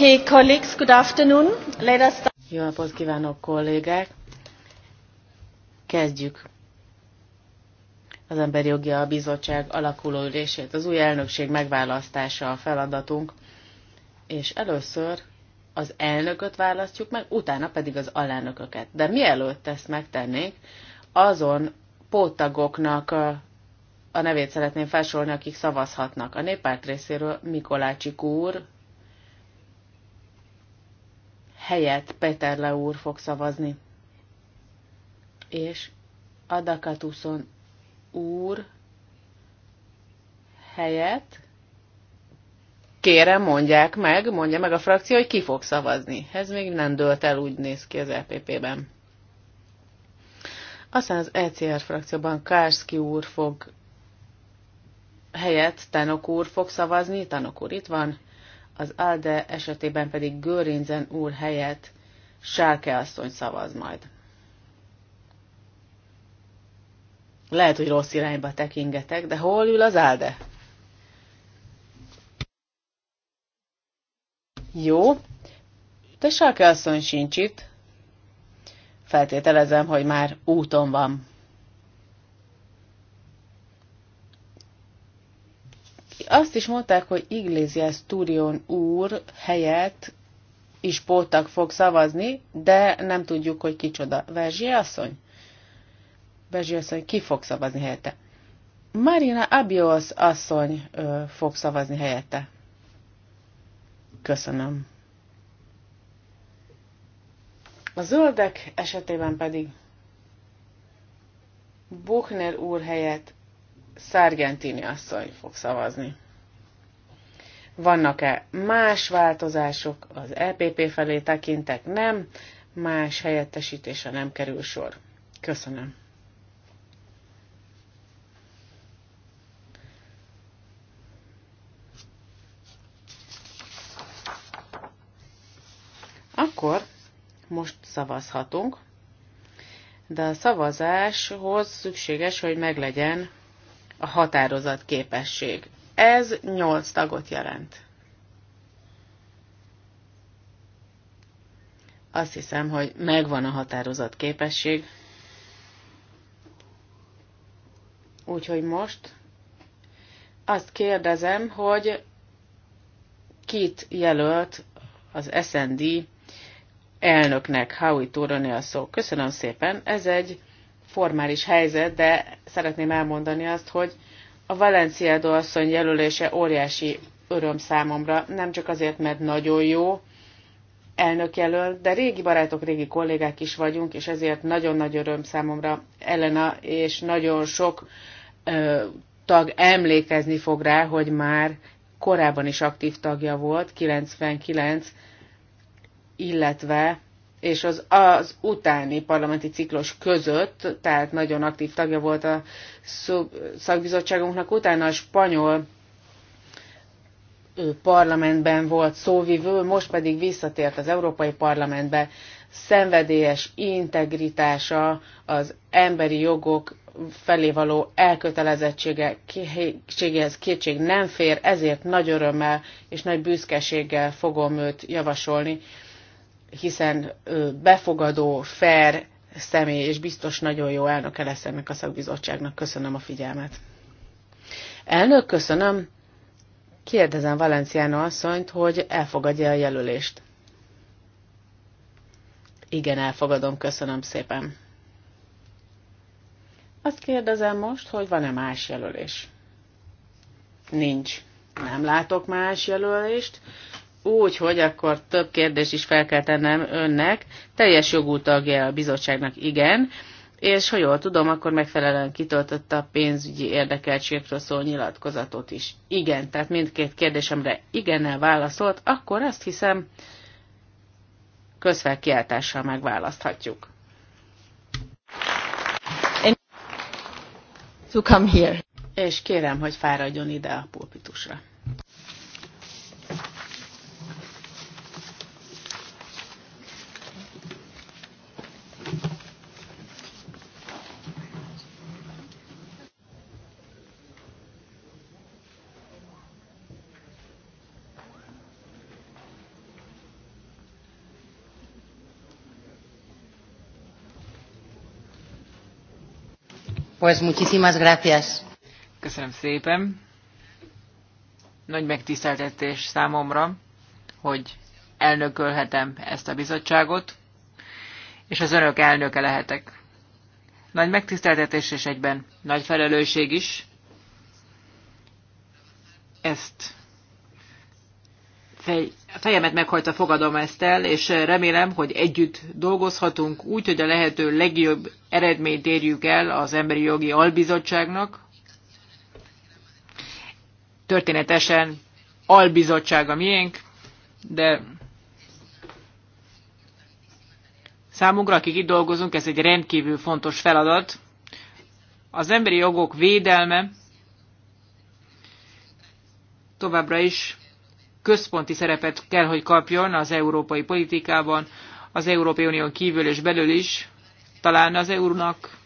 Okay, colleagues, good afternoon. Let us start. Jó napot kívánok, kollégák! Kezdjük az Emberi Jogi a Bizottság alakuló ülését. Az új elnökség megválasztása a feladatunk, és először az elnököt választjuk meg, utána pedig az alelnököket. De mielőtt ezt megtennék, azon póttagoknak a nevét szeretném felsorolni, akik szavazhatnak. A néppárt részéről Mikolácsik úr helyett Peterle úr fog szavazni. És Adakatuszon úr helyett kérem mondják meg, mondja meg a frakció, hogy ki fog szavazni. Ez még nem dölt el, úgy néz ki az lpp e ben Aztán az ECR frakcióban Kárszki úr fog helyett Tanok úr fog szavazni, Tanok úr itt van, az ALDE esetében pedig Görinzen úr helyett Sárke asszony szavaz majd. Lehet, hogy rossz irányba tekingetek, de hol ül az ALDE? Jó, de Sárke asszony sincs itt. Feltételezem, hogy már úton van. azt is mondták, hogy Iglesias Turion úr helyett is pótak fog szavazni, de nem tudjuk, hogy kicsoda. Verzsi asszony? Verzsi asszony ki fog szavazni helyette? Marina Abios asszony ö, fog szavazni helyette. Köszönöm. A zöldek esetében pedig Buchner úr helyett Szárgentini asszony fog szavazni. Vannak-e más változások az EPP felé tekintek? Nem, más helyettesítése nem kerül sor. Köszönöm. Akkor most szavazhatunk, de a szavazáshoz szükséges, hogy meglegyen a határozat képesség. Ez nyolc tagot jelent. Azt hiszem, hogy megvan a határozat képesség. Úgyhogy most azt kérdezem, hogy kit jelölt az SND elnöknek Howie Turani a szó. Köszönöm szépen, ez egy formális helyzet, de szeretném elmondani azt, hogy a Valenciado asszony jelölése óriási öröm számomra, nem csak azért, mert nagyon jó elnök jelöl, de régi barátok, régi kollégák is vagyunk, és ezért nagyon nagy öröm számomra Elena, és nagyon sok ö, tag emlékezni fog rá, hogy már korábban is aktív tagja volt, 99, illetve és az, az utáni parlamenti ciklus között, tehát nagyon aktív tagja volt a szakbizottságunknak, utána a spanyol parlamentben volt szóvivő, most pedig visszatért az Európai Parlamentbe. Szenvedélyes integritása, az emberi jogok felé való elkötelezettségehez kétség nem fér, ezért nagy örömmel és nagy büszkeséggel fogom őt javasolni hiszen befogadó, fair személy, és biztos nagyon jó elnöke lesz ennek a szakbizottságnak. Köszönöm a figyelmet. Elnök, köszönöm. Kérdezem Valenciano asszonyt, hogy elfogadja a jelölést. Igen, elfogadom, köszönöm szépen. Azt kérdezem most, hogy van-e más jelölés? Nincs. Nem látok más jelölést úgy, hogy akkor több kérdést is fel kell tennem önnek. Teljes jogú tagja a bizottságnak, igen. És ha jól tudom, akkor megfelelően kitöltötte a pénzügyi érdekeltségről szóló nyilatkozatot is. Igen, tehát mindkét kérdésemre igennel válaszolt, akkor azt hiszem közfelkiáltással megválaszthatjuk. to come here. És kérem, hogy fáradjon ide a pulpitusra. Pues muchísimas gracias. Köszönöm szépen. Nagy megtiszteltetés számomra, hogy elnökölhetem ezt a bizottságot, és az önök elnöke lehetek. Nagy megtiszteltetés és egyben nagy felelősség is. Ezt fej, fejemet meghajtva fogadom ezt el, és remélem, hogy együtt dolgozhatunk úgy, hogy a lehető legjobb eredményt érjük el az Emberi Jogi Albizottságnak. Történetesen albizottság a miénk, de számunkra, akik itt dolgozunk, ez egy rendkívül fontos feladat. Az emberi jogok védelme továbbra is központi szerepet kell, hogy kapjon az európai politikában, az Európai Unión kívül és belül is. Talán az EU-nak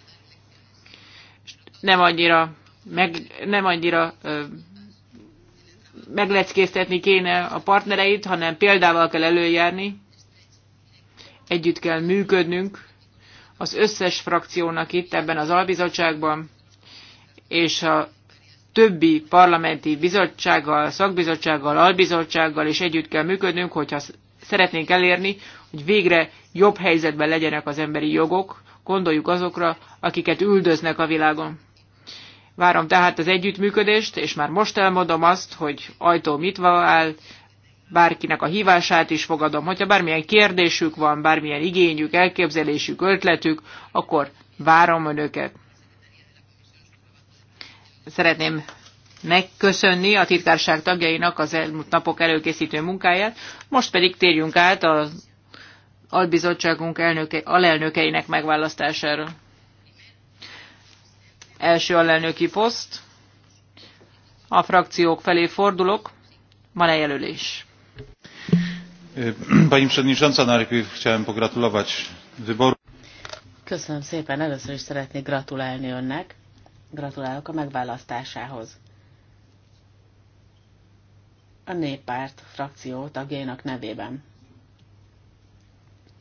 nem annyira, meg, nem annyira ö, megleckéztetni kéne a partnereit, hanem példával kell előjárni, együtt kell működnünk az összes frakciónak itt ebben az albizottságban, és a többi parlamenti bizottsággal, szakbizottsággal, albizottsággal is együtt kell működnünk, hogyha szeretnénk elérni, hogy végre jobb helyzetben legyenek az emberi jogok, gondoljuk azokra, akiket üldöznek a világon. Várom tehát az együttműködést, és már most elmondom azt, hogy ajtó mit áll, bárkinek a hívását is fogadom. Hogyha bármilyen kérdésük van, bármilyen igényük, elképzelésük, ötletük, akkor várom önöket szeretném megköszönni a titkárság tagjainak az elmúlt napok előkészítő munkáját, most pedig térjünk át az albizottságunk elnöke, alelnökeinek megválasztására. Első alelnöki poszt. A frakciók felé fordulok. Van-e jelölés? Pani Przewodnicząca, najpierw chciałem pogratulować wyboru. Köszönöm szépen, először is szeretnék gratulálni önnek Gratulálok a megválasztásához. A néppárt frakció tagjainak nevében.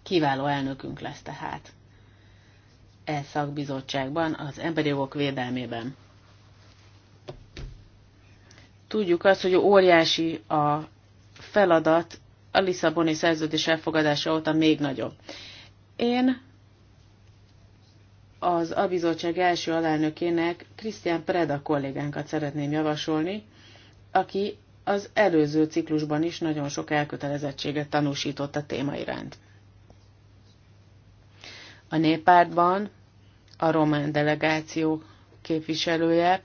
Kiváló elnökünk lesz tehát. E szakbizottságban az emberi jogok védelmében. Tudjuk azt, hogy óriási a feladat, a Lisszaboni szerződés elfogadása óta még nagyobb. Én az a bizottság első alelnökének, Krisztián Preda kollégánkat szeretném javasolni, aki az előző ciklusban is nagyon sok elkötelezettséget tanúsított a téma iránt. A néppártban a román delegáció képviselője,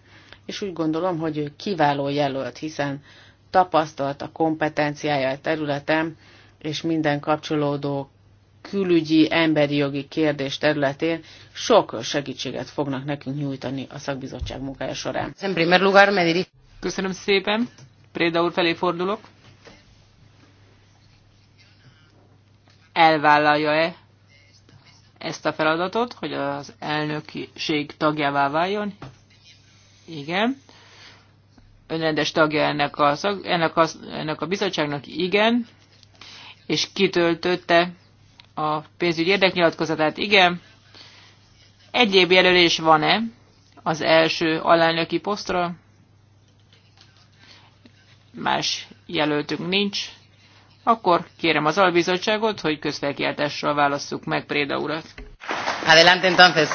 és úgy gondolom, hogy ő kiváló jelölt, hiszen tapasztalt a kompetenciája a területen, és minden kapcsolódó külügyi, emberi jogi kérdés területén sok segítséget fognak nekünk nyújtani a szakbizottság munkája során. Köszönöm szépen. Préda úr felé fordulok. Elvállalja-e ezt a feladatot, hogy az elnökség tagjává váljon? Igen. Önrendes tagja ennek a, ennek a, ennek a bizottságnak? Igen. És kitöltötte a pénzügyi érdeknyilatkozatát, igen. Egyéb jelölés van-e az első alelnöki posztra? Más jelöltünk nincs. Akkor kérem az albizottságot, hogy közfelkiáltással válasszuk meg Préda urat. Adelante entonces.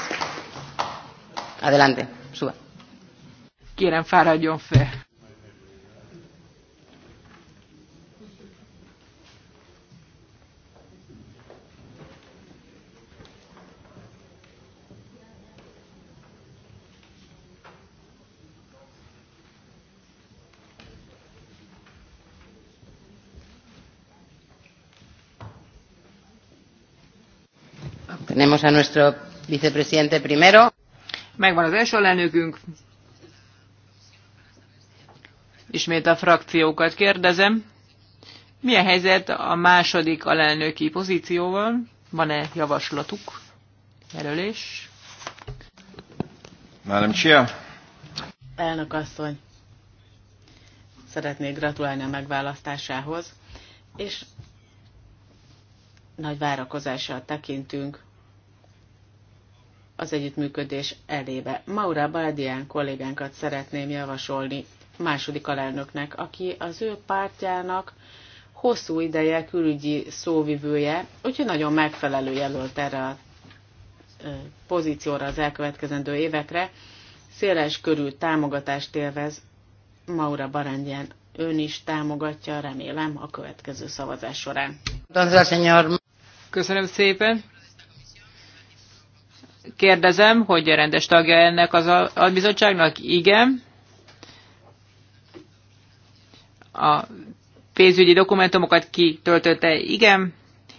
Adelante. Suba. Kérem, fáradjon fel. Tenemos a nuestro vicepresidente primero. Megvan az első alelnökünk. Ismét a frakciókat kérdezem. Mi a helyzet a második alelnöki pozícióval? Van-e javaslatuk? Jelölés? Madam Chair. Elnök asszony, szeretnék gratulálni a megválasztásához, és nagy várakozással tekintünk az együttműködés elébe. Maura Baldián kollégánkat szeretném javasolni második alelnöknek, aki az ő pártjának hosszú ideje külügyi szóvivője, úgyhogy nagyon megfelelő jelölt erre a pozícióra az elkövetkezendő évekre. Széles körű támogatást élvez Maura Barandján. Ön is támogatja, remélem, a következő szavazás során. Köszönöm szépen! kérdezem, hogy rendes tagja ennek az albizottságnak? Igen. A pénzügyi dokumentumokat kitöltötte? Igen.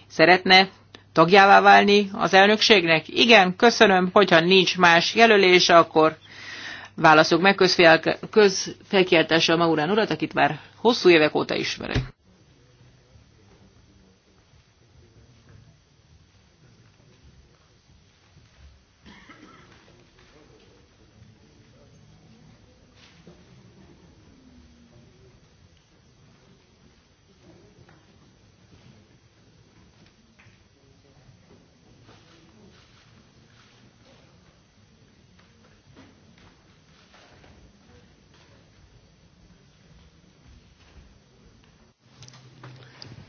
Szeretne tagjává válni az elnökségnek? Igen, köszönöm, hogyha nincs más jelölés, akkor válaszok meg a Maurán urat, akit már hosszú évek óta ismerek.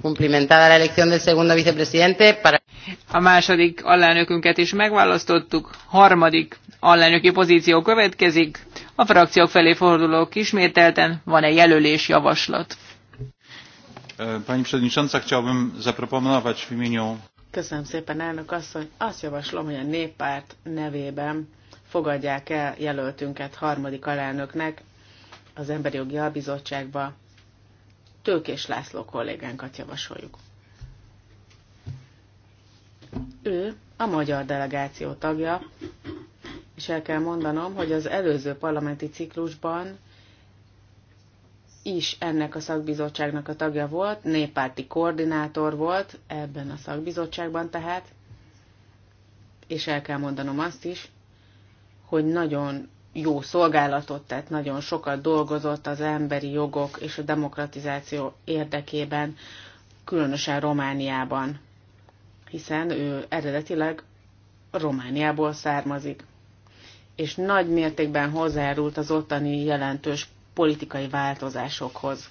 cumplimentada la elección del segundo vicepresidente para... A második alelnökünket is megválasztottuk, harmadik alelnöki pozíció következik. A frakciók felé fordulók ismételten van-e jelölés javaslat? Pani Przewodnicząca, chciałbym zaproponować w imieniu... Köszönöm szépen, elnök asszony. Azt javaslom, hogy a néppárt nevében fogadják el jelöltünket harmadik alelnöknek az Emberi Jogi Albizottságba Tőkés László kollégánkat javasoljuk. Ő a magyar delegáció tagja, és el kell mondanom, hogy az előző parlamenti ciklusban is ennek a szakbizottságnak a tagja volt, néppárti koordinátor volt ebben a szakbizottságban tehát, és el kell mondanom azt is, hogy nagyon jó szolgálatot tett, nagyon sokat dolgozott az emberi jogok és a demokratizáció érdekében, különösen Romániában, hiszen ő eredetileg Romániából származik, és nagy mértékben hozzájárult az ottani jelentős politikai változásokhoz.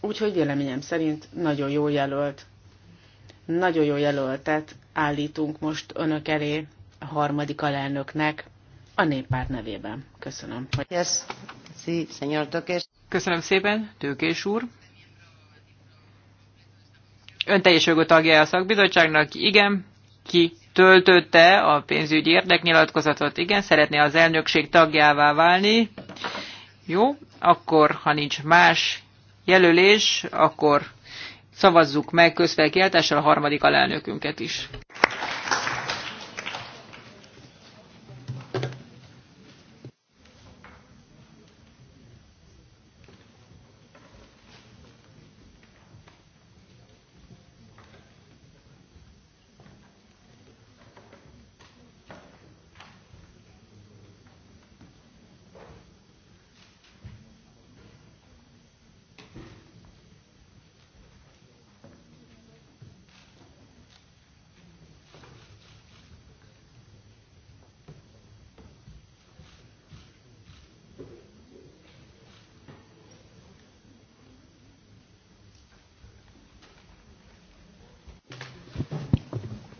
Úgyhogy véleményem szerint nagyon jó jelölt, nagyon jó jelöltet állítunk most önök elé a harmadik alelnöknek, a néppárt nevében. Köszönöm. Köszönöm szépen, Tőkés úr. Ön teljes jogú tagja a szakbizottságnak, igen, ki töltötte a pénzügyi érdeknyilatkozatot, igen, szeretné az elnökség tagjává válni. Jó, akkor, ha nincs más jelölés, akkor szavazzuk meg közfelkiáltással a harmadik alelnökünket is.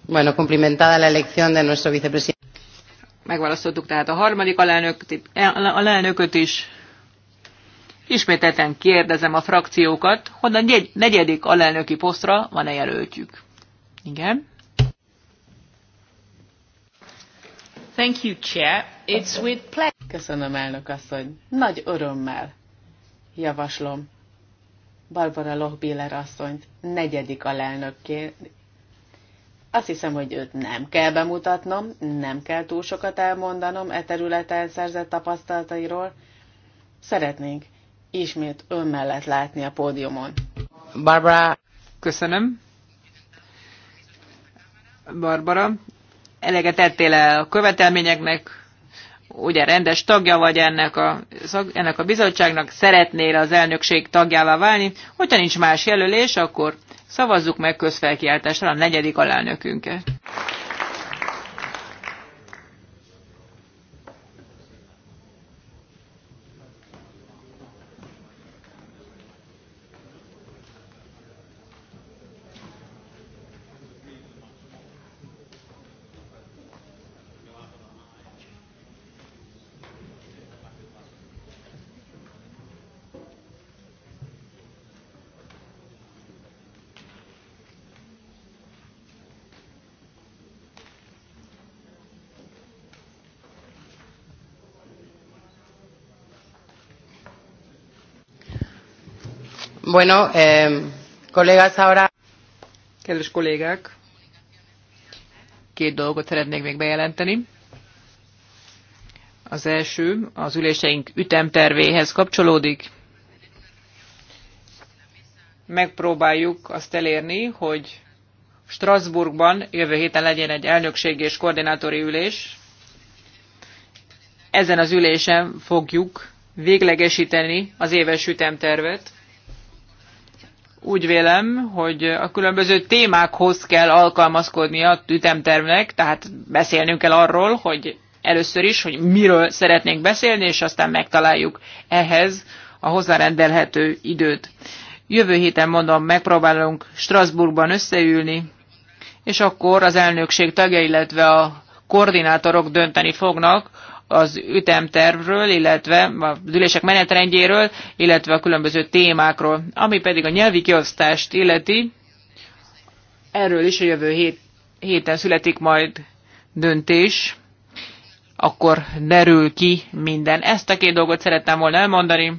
Bueno, cumplimentada la elección de nuestro vicepresidente. Megválasztottuk tehát a harmadik alelnököt, alelnököt is. Ismételten kérdezem a frakciókat, hogy a negyedik alelnöki posztra van-e jelöltjük. Igen. Thank you, Chair. It's with pleasure. Köszönöm, elnök asszony. Nagy örömmel javaslom Barbara Lohbiller asszonyt negyedik alelnökké azt hiszem, hogy őt nem kell bemutatnom, nem kell túl sokat elmondanom e területen szerzett tapasztalatairól. Szeretnénk ismét ön mellett látni a pódiumon. Barbara, köszönöm. Barbara, eleget tettél el a követelményeknek, ugye rendes tagja vagy ennek a, ennek a bizottságnak, szeretnél az elnökség tagjává válni. Hogyha nincs más jelölés, akkor Szavazzuk meg közfelkiáltásra a negyedik alelnökünket. Bueno, eh, colegas, ahora... Kedves kollégák, két dolgot szeretnék még bejelenteni. Az első az üléseink ütemtervéhez kapcsolódik. Megpróbáljuk azt elérni, hogy Strasbourgban jövő héten legyen egy elnökség és koordinátori ülés. Ezen az ülésen fogjuk véglegesíteni az éves ütemtervet úgy vélem, hogy a különböző témákhoz kell alkalmazkodni a ütemtervnek, tehát beszélnünk kell arról, hogy először is, hogy miről szeretnénk beszélni, és aztán megtaláljuk ehhez a hozzárendelhető időt. Jövő héten mondom, megpróbálunk Strasbourgban összeülni, és akkor az elnökség tagja, illetve a koordinátorok dönteni fognak az ütemtervről, illetve a ülések menetrendjéről, illetve a különböző témákról. Ami pedig a nyelvi kiosztást illeti, erről is a jövő hét, héten születik majd döntés, akkor derül ki minden. Ezt a két dolgot szerettem volna elmondani.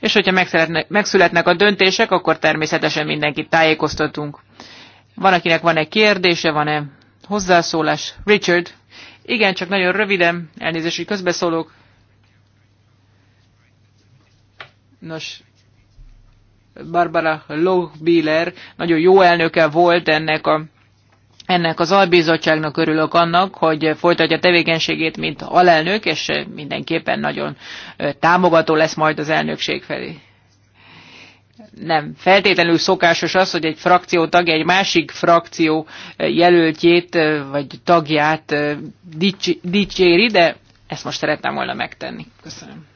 És hogyha megszületnek a döntések, akkor természetesen mindenkit tájékoztatunk. Van, akinek van-e kérdése, van-e hozzászólás. Richard, igen, csak nagyon röviden, elnézést, hogy közbeszólok. Nos, Barbara Lohbiller nagyon jó elnöke volt ennek a ennek az albizottságnak örülök annak, hogy folytatja tevékenységét, mint alelnök, és mindenképpen nagyon támogató lesz majd az elnökség felé nem feltétlenül szokásos az, hogy egy frakció tagja egy másik frakció eh, jelöltjét eh, vagy tagját eh, dicséri, de ezt most szerettem volna megtenni. Köszönöm.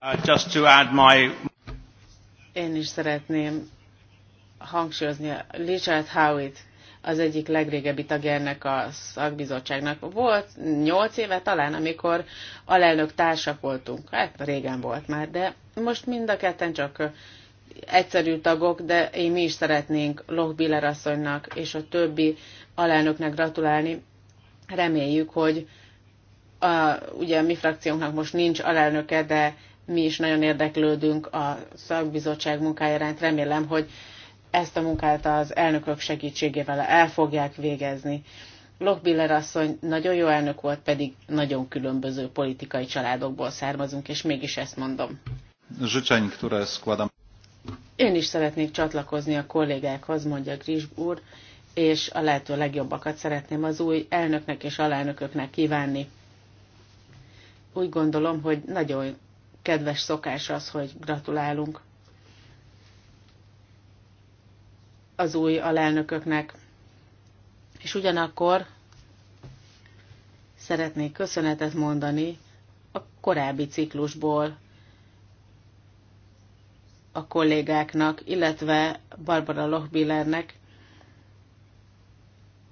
Uh, just to add my... Én is szeretném hangsúlyozni Richard Howitt az egyik legrégebbi tagja ennek a szakbizottságnak. Volt nyolc éve talán, amikor alelnök társak voltunk. Hát régen volt már, de most mind a ketten csak egyszerű tagok, de én mi is szeretnénk Lochbiller asszonynak és a többi alelnöknek gratulálni. Reméljük, hogy a, ugye a mi frakciónknak most nincs alelnöke, de mi is nagyon érdeklődünk a szakbizottság munkája Remélem, hogy ezt a munkát az elnökök segítségével el fogják végezni. Lochbiller asszony nagyon jó elnök volt, pedig nagyon különböző politikai családokból származunk, és mégis ezt mondom życzeń, które składam. Én is szeretnék csatlakozni a kollégákhoz, mondja Grisb úr, és a lehető legjobbakat szeretném az új elnöknek és alelnököknek kívánni. Úgy gondolom, hogy nagyon kedves szokás az, hogy gratulálunk az új alelnököknek. És ugyanakkor szeretnék köszönetet mondani a korábbi ciklusból a kollégáknak, illetve Barbara Lochbillernek.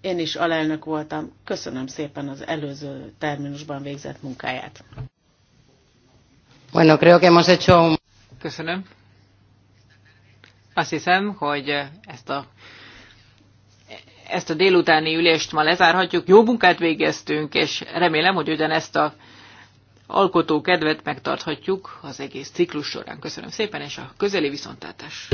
Én is alelnök voltam. Köszönöm szépen az előző terminusban végzett munkáját. Bueno, creo que hemos hecho un... Köszönöm. Azt hiszem, hogy ezt a, ezt a délutáni ülést ma lezárhatjuk. Jó munkát végeztünk, és remélem, hogy ugyanezt a alkotó kedvet megtarthatjuk az egész ciklus során. Köszönöm szépen, és a közeli viszontlátás!